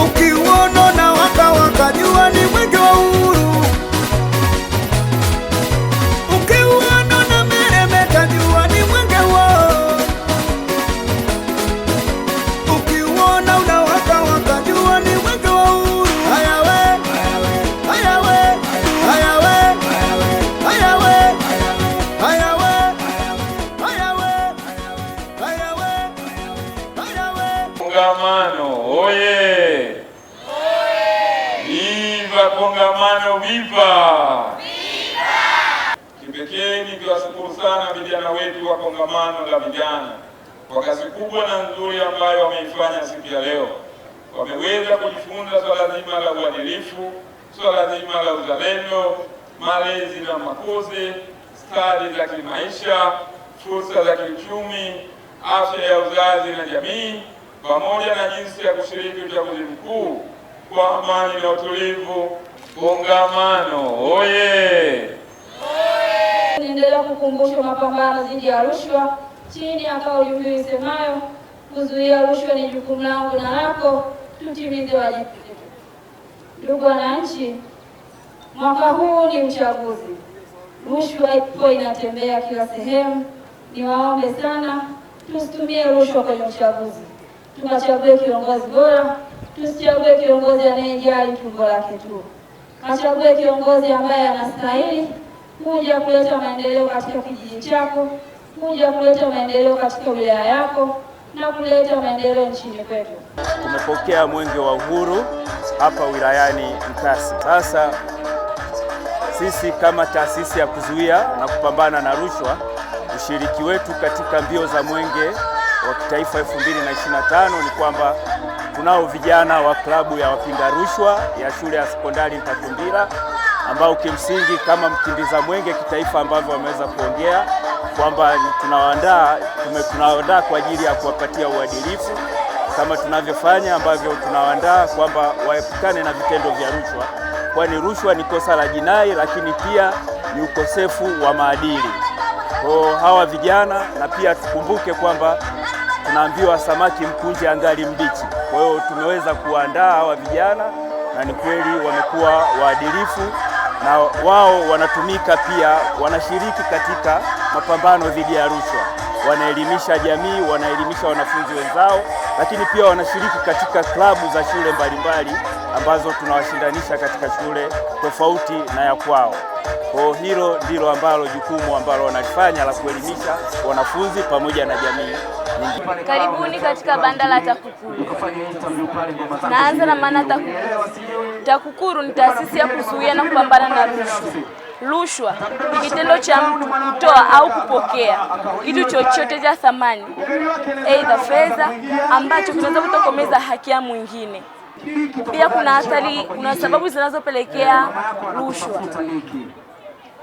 o que Viva kongamano! Viva kipekee, nikiwashukuru sana vijana wetu wa kongamano la vijana kwa kazi kubwa na nzuri ambayo wameifanya siku ya leo. Wameweza kujifunza swala zima la uadilifu, swala zima la uzalendo, malezi na makuzi, stadi za kimaisha, fursa za kiuchumi, afya ya uzazi na jamii, pamoja na jinsi ya kushiriki uchaguzi mkuu kwa amani na utulivu kongamano. Oye! Endelea kukumbushwa mapambano dhidi ya rushwa chini ya kauli mbiu isemayo kuzuia rushwa ni jukumu langu na lako, tutimize wajibu Ndugu wananchi, mwaka huu ni uchaguzi, rushwa ipo inatembea kila sehemu. Niwaombe sana tusitumie rushwa kwenye uchaguzi, tukachague kiongozi bora tusichague kiongozi anayejali tumbo lake tu, achague kiongozi ambaye anastahili kuja kuleta maendeleo katika kijiji chako, kuja kuleta maendeleo katika wilaya yako na kuleta maendeleo nchini kwetu. Tumepokea mwenge wa uhuru hapa wilayani Nkasi. Sasa sisi kama taasisi ya kuzuia na kupambana na rushwa, ushiriki wetu katika mbio za mwenge wa kitaifa 2025 ni kwamba tunao vijana wa klabu ya wapinga rushwa ya shule ya sekondari Mtakundila ambao kimsingi kama mkimbiza mwenge kitaifa ambavyo wameweza kuongea kwamba tunawaandaa tunawaandaa kwa ajili ya kuwapatia uadilifu kama tunavyofanya ambavyo tunawaandaa kwamba waepukane na vitendo vya rushwa, kwani rushwa ni kosa la jinai, lakini pia ni ukosefu wa maadili kwa hawa vijana. Na pia tukumbuke kwamba tunaambiwa samaki mkunje angali mbichi. Kwa hiyo tumeweza kuandaa hawa vijana na ni kweli wamekuwa waadilifu na wao wanatumika pia, wanashiriki katika mapambano dhidi ya rushwa wanaelimisha jamii, wanaelimisha wanafunzi wenzao, lakini pia wanashiriki katika klabu za shule mbalimbali ambazo tunawashindanisha katika shule tofauti na ya kwao. Kwa hilo ndilo ambalo jukumu ambalo wanalifanya la kuelimisha wanafunzi pamoja na jamii. Karibuni katika banda la TAKUKURU. Naanza na maana TAKUKURU. TAKUKURU ni taasisi ya kuzuia na kupambana na rushwa. Rushwa ni kitendo cha mtu kutoa au kupokea kitu chochote cha thamani, aidha fedha, ambacho kinaweza kutokomeza haki ya mwingine. Pia kuna athari, kuna sababu zinazopelekea rushwa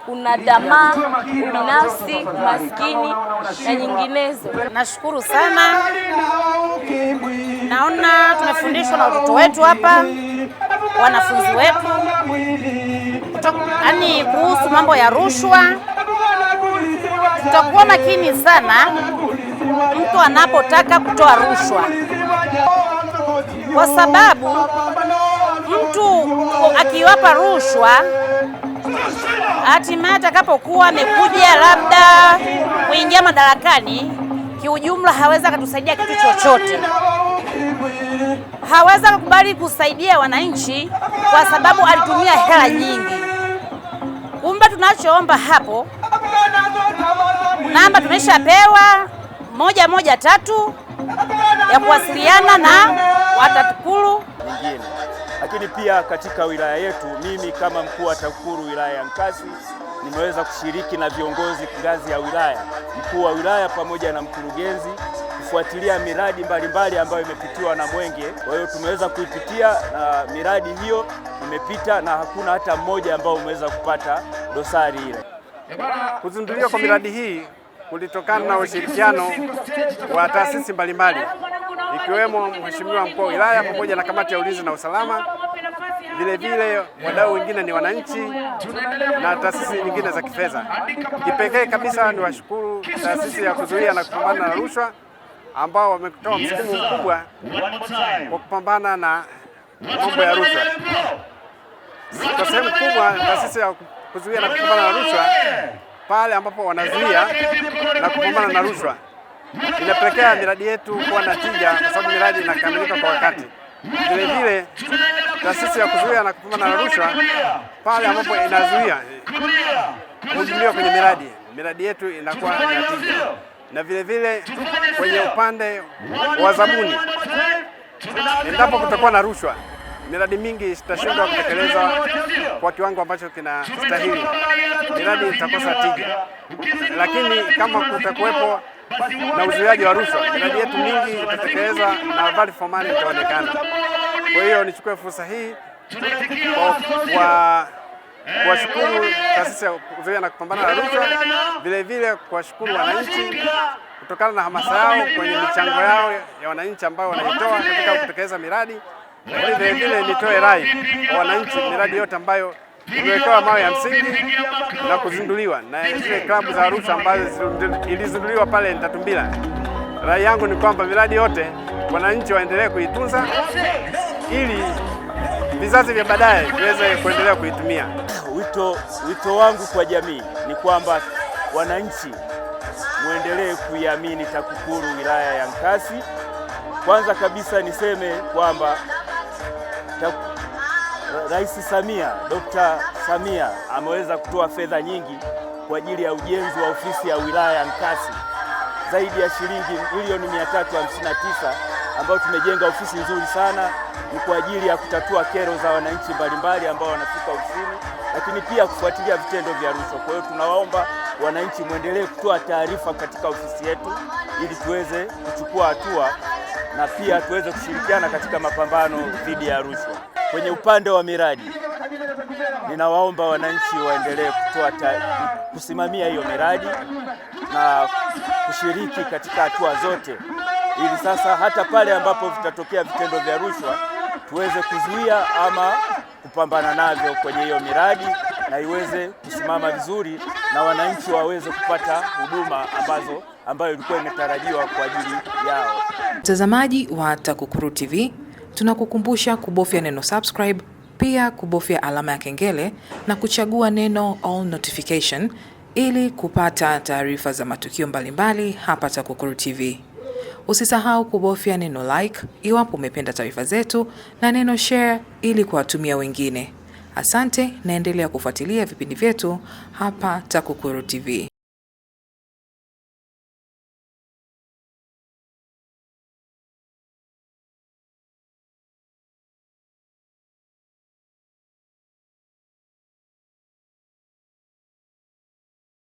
kuna tamaa ubinafsi, maskini na nyinginezo. Nashukuru sana, naona tumefundishwa na watoto wetu hapa, wanafunzi wetu yani kuhusu mambo ya rushwa, tutakuwa makini sana mtu anapotaka kutoa rushwa, kwa sababu mtu akiwapa rushwa hatimaye atakapokuwa amekuja labda kuingia madarakani, kiujumla hawezi akatusaidia kitu chochote, hawezi kukubali kusaidia wananchi, kwa sababu alitumia hela nyingi namba tunachoomba hapo, namba tumeshapewa moja moja tatu ya kuwasiliana na watakukuru wengine, Lakini pia katika wilaya yetu, mimi kama mkuu wa TAKUKURU wilaya ya Nkasi nimeweza kushiriki na viongozi ngazi ya wilaya, mkuu wa wilaya pamoja na mkurugenzi kufuatilia miradi mbalimbali ambayo imepitiwa na Mwenge. Kwa hiyo tumeweza kuipitia na miradi hiyo imepita na hakuna hata mmoja ambao umeweza kupata dosari ile. Kuzinduliwa kwa miradi hii kulitokana na ushirikiano wa taasisi mbalimbali ikiwemo Mheshimiwa mkuu wa wilaya pamoja na kamati ya ulinzi na usalama, vilevile wadau wengine ni wananchi na taasisi nyingine za kifedha. Kipekee kabisa ni washukuru taasisi ya kuzuia na kupambana na rushwa ambao wametoa msukumo mkubwa wa kupambana na mambo ya rushwa kwa sehemu kubwa. Taasisi ya kuzuia na kupambana na rushwa pale ambapo wanazuia na kupambana na rushwa inapelekea miradi yetu kuwa na tija, kwa sababu miradi inakamilika kwa wakati. Vile vile taasisi ya kuzuia na kupambana na rushwa pale ambapo inazuia kuingiliwa kwenye miradi, miradi yetu inakuwa na tija. Na vile vile kwenye upande wa zabuni, endapo kutakuwa na rushwa miradi mingi itashindwa kutekeleza kwa kiwango ambacho kinastahili, miradi itakosa tija. Lakini kama kutakuwepo na uzuiaji wa rushwa, miradi yetu mingi itatekeleza na value for money itaonekana. Kwa hiyo nichukue fursa hii kwa kuwashukuru taasisi ya kuzuia na kupambana na rushwa, vile vile kuwashukuru wananchi kutokana na hamasa yao kwenye michango yao ya wananchi ambayo wanaitoa katika kutekeleza miradi lakini vile nitoe rai kwa wananchi, miradi yote ambayo imewekewa mawe ya msingi na kuzinduliwa na zile klabu za Arusha ambazo ilizinduliwa pale Nitatumbila, rai yangu ni kwamba miradi yote wananchi waendelee kuitunza ili vizazi vya baadaye viweze kuendelea kuitumia. Wito, wito wangu kwa jamii ni kwamba wananchi muendelee kuiamini TAKUKURU wilaya ya Nkasi. Kwanza kabisa niseme kwamba Rais Samia, Dr. Samia ameweza kutoa fedha nyingi kwa ajili ya ujenzi wa ofisi ya wilaya ya Nkasi zaidi ya shilingi milioni 359 ambayo tumejenga ofisi nzuri sana. Ni kwa ajili ya kutatua kero za wananchi mbalimbali ambao wanafika ofisini, lakini pia kufuatilia vitendo vya rushwa. Kwa hiyo tunawaomba wananchi mwendelee kutoa taarifa katika ofisi yetu ili tuweze kuchukua hatua na pia tuweze kushirikiana katika mapambano dhidi ya rushwa. Kwenye upande wa miradi, ninawaomba wananchi waendelee kutoa kusimamia hiyo miradi na kushiriki katika hatua zote, ili sasa hata pale ambapo vitatokea vitendo vya rushwa tuweze kuzuia ama kupambana navyo kwenye hiyo miradi na iweze kusimama vizuri na wananchi waweze kupata huduma ambazo ambayo ilikuwa imetarajiwa kwa ajili yao. Mtazamaji wa TAKUKURU TV, tunakukumbusha kubofya neno subscribe, pia kubofya alama ya kengele na kuchagua neno all notification ili kupata taarifa za matukio mbalimbali hapa TAKUKURU TV. Usisahau kubofya neno like iwapo umependa taarifa zetu na neno share ili kuwatumia wengine. Asante, naendelea kufuatilia vipindi vyetu hapa TAKUKURU TV.